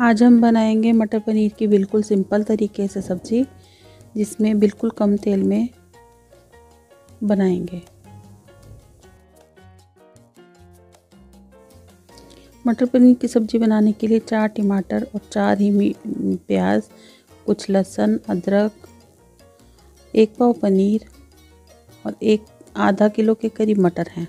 आज हम बनाएंगे मटर पनीर की बिल्कुल सिंपल तरीके से सब्ज़ी जिसमें बिल्कुल कम तेल में बनाएंगे मटर पनीर की सब्ज़ी बनाने के लिए चार टमाटर और चार ही प्याज कुछ लहसुन अदरक एक पाव पनीर और एक आधा किलो के करीब मटर हैं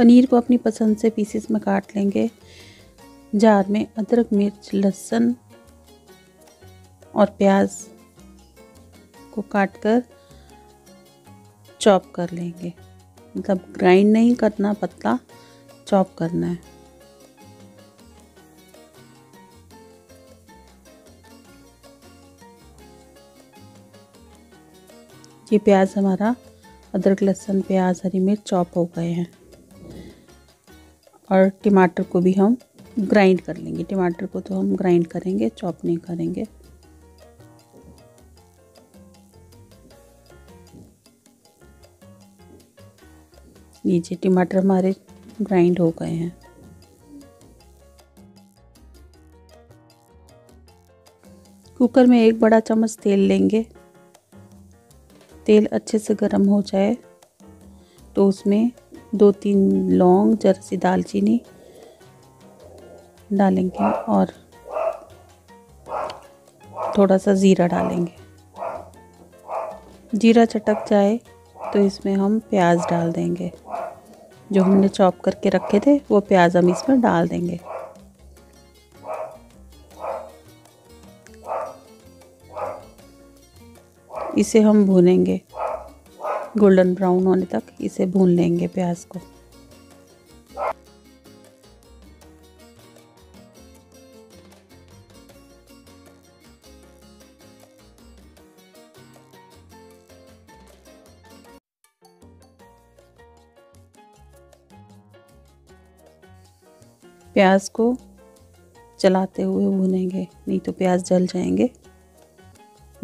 पनीर को अपनी पसंद से पीसेस में काट लेंगे जार में अदरक मिर्च लहसुन और प्याज को काट कर चॉप कर लेंगे मतलब ग्राइंड नहीं करना पतला चॉप करना है ये प्याज हमारा अदरक लहसुन प्याज हरी मिर्च चॉप हो गए हैं और टमाटर को भी हम ग्राइंड कर लेंगे टमाटर को तो हम ग्राइंड करेंगे चॉप नहीं करेंगे नीचे टमाटर हमारे ग्राइंड हो गए हैं कुकर में एक बड़ा चम्मच तेल लेंगे तेल अच्छे से गर्म हो जाए तो उसमें दो तीन लौंग जरा सी दालचीनी डालेंगे और थोड़ा सा ज़ीरा डालेंगे जीरा चटक जाए तो इसमें हम प्याज डाल देंगे जो हमने चॉप करके रखे थे वो प्याज हम इसमें डाल देंगे इसे हम भूनेंगे गोल्डन ब्राउन होने तक इसे भून लेंगे प्याज को प्याज को चलाते हुए भूनेंगे नहीं तो प्याज जल जाएंगे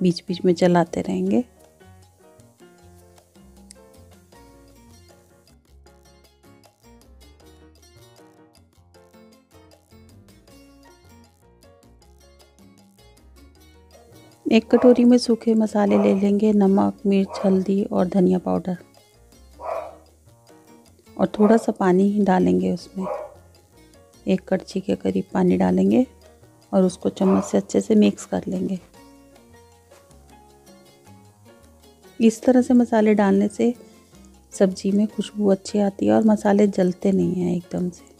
बीच बीच में चलाते रहेंगे एक कटोरी में सूखे मसाले ले लेंगे नमक मिर्च हल्दी और धनिया पाउडर और थोड़ा सा पानी ही डालेंगे उसमें एक कड़छी के करीब पानी डालेंगे और उसको चम्मच से अच्छे से मिक्स कर लेंगे इस तरह से मसाले डालने से सब्जी में खुशबू अच्छी आती है और मसाले जलते नहीं हैं एकदम से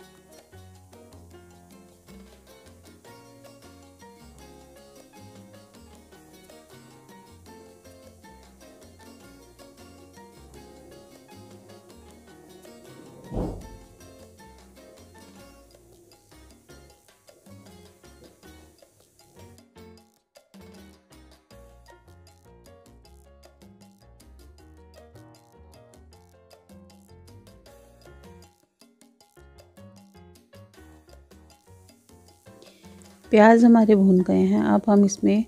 प्याज हमारे भून गए हैं अब हम इसमें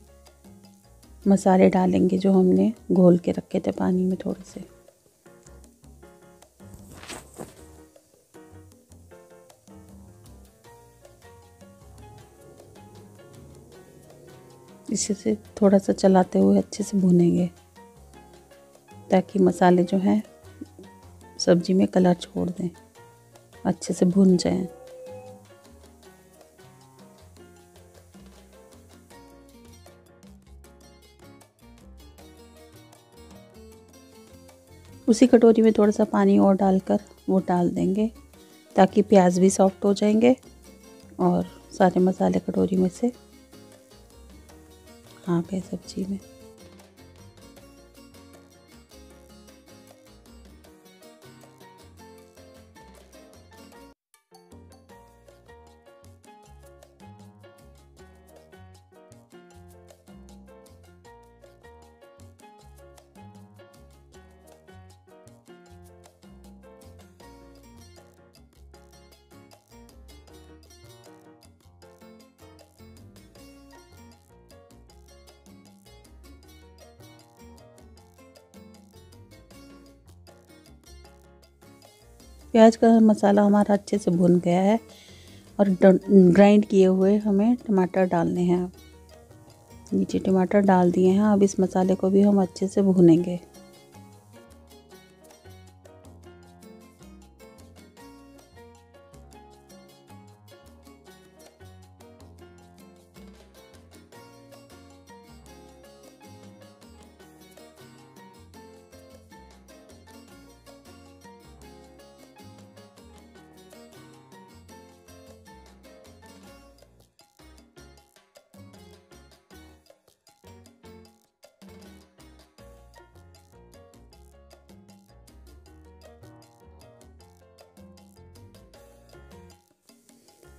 मसाले डालेंगे जो हमने घोल के रखे थे पानी में थोड़े से इसे से थोड़ा सा चलाते हुए अच्छे से भुनेंगे ताकि मसाले जो हैं सब्ज़ी में कलर छोड़ दें अच्छे से भुन जाएं उसी कटोरी में थोड़ा सा पानी और डालकर वो डाल देंगे ताकि प्याज भी सॉफ्ट हो जाएंगे और सारे मसाले कटोरी में से आ हाँ, गए सब्जी में प्याज का मसाला हमारा अच्छे से भुन गया है और ग्राइंड किए हुए हमें टमाटर डालने हैं नीचे टमाटर डाल दिए हैं अब इस मसाले को भी हम अच्छे से भूनेंगे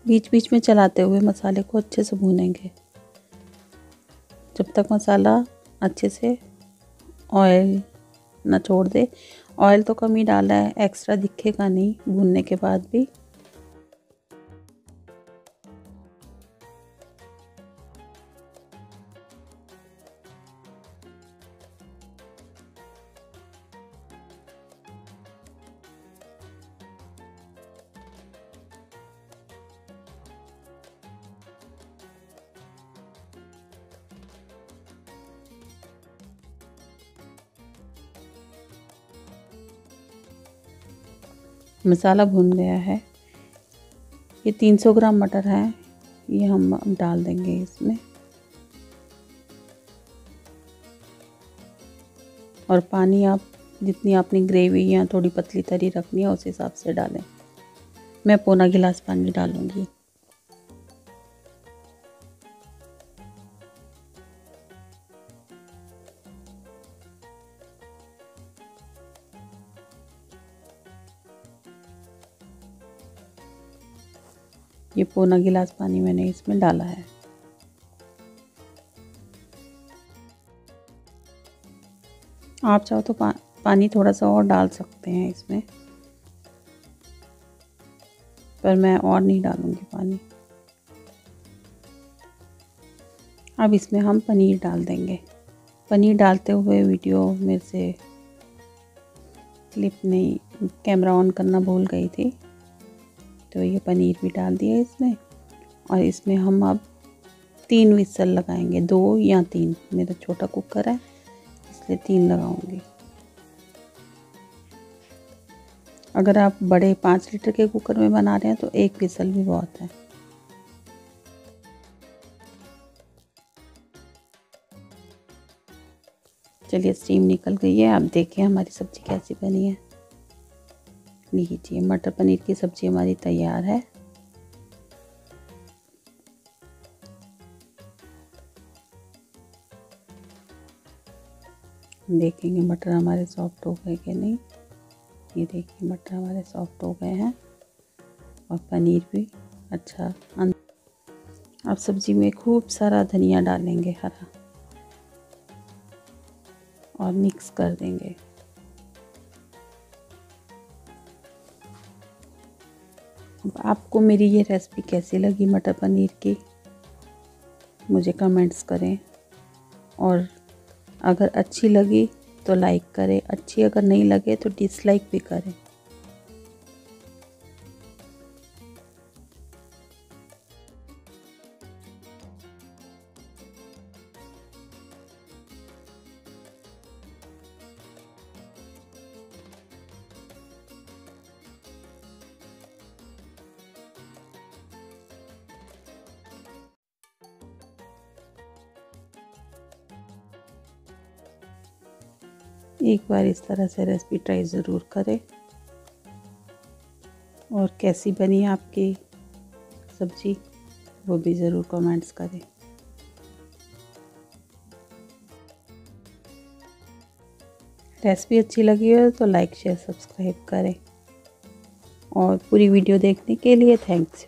बीच बीच में चलाते हुए मसाले को अच्छे से भूनेंगे जब तक मसाला अच्छे से ऑयल ना छोड़ दे ऑयल तो कम ही डाला है एक्स्ट्रा दिखेगा नहीं भूनने के बाद भी मसाला भुन गया है ये 300 ग्राम मटर है ये हम डाल देंगे इसमें और पानी आप जितनी आपने ग्रेवी या थोड़ी पतली तरी रखनी है उस हिसाब से डालें मैं पौना गिलास पानी डालूँगी ये पौना गिलास पानी मैंने इसमें डाला है आप चाहो तो पा, पानी थोड़ा सा और डाल सकते हैं इसमें पर मैं और नहीं डालूँगी पानी अब इसमें हम पनीर डाल देंगे पनीर डालते हुए वीडियो मेरे से क्लिप नहीं कैमरा ऑन करना भूल गई थी तो ये पनीर भी डाल दिया इसमें और इसमें हम अब तीन विसल लगाएंगे दो या तीन मेरा छोटा कुकर है इसलिए तीन लगाऊंगी अगर आप बड़े पाँच लीटर के कुकर में बना रहे हैं तो एक विसल भी बहुत है चलिए स्टीम निकल गई है आप देखिए हमारी सब्ज़ी कैसी बनी है लीजिए मटर पनीर की सब्ज़ी हमारी तैयार है देखेंगे मटर हमारे सॉफ्ट हो गए कि नहीं ये देखिए मटर हमारे सॉफ्ट हो गए हैं और पनीर भी अच्छा अब सब्ज़ी में खूब सारा धनिया डालेंगे हरा और मिक्स कर देंगे अब आपको मेरी ये रेसिपी कैसी लगी मटर पनीर की मुझे कमेंट्स करें और अगर अच्छी लगी तो लाइक करें अच्छी अगर नहीं लगे तो डिसलाइक भी करें एक बार इस तरह से रेसिपी ट्राई ज़रूर करें और कैसी बनी आपकी सब्ज़ी वो भी ज़रूर कमेंट्स करें रेसिपी अच्छी लगी हो तो लाइक शेयर सब्सक्राइब करें और पूरी वीडियो देखने के लिए थैंक्स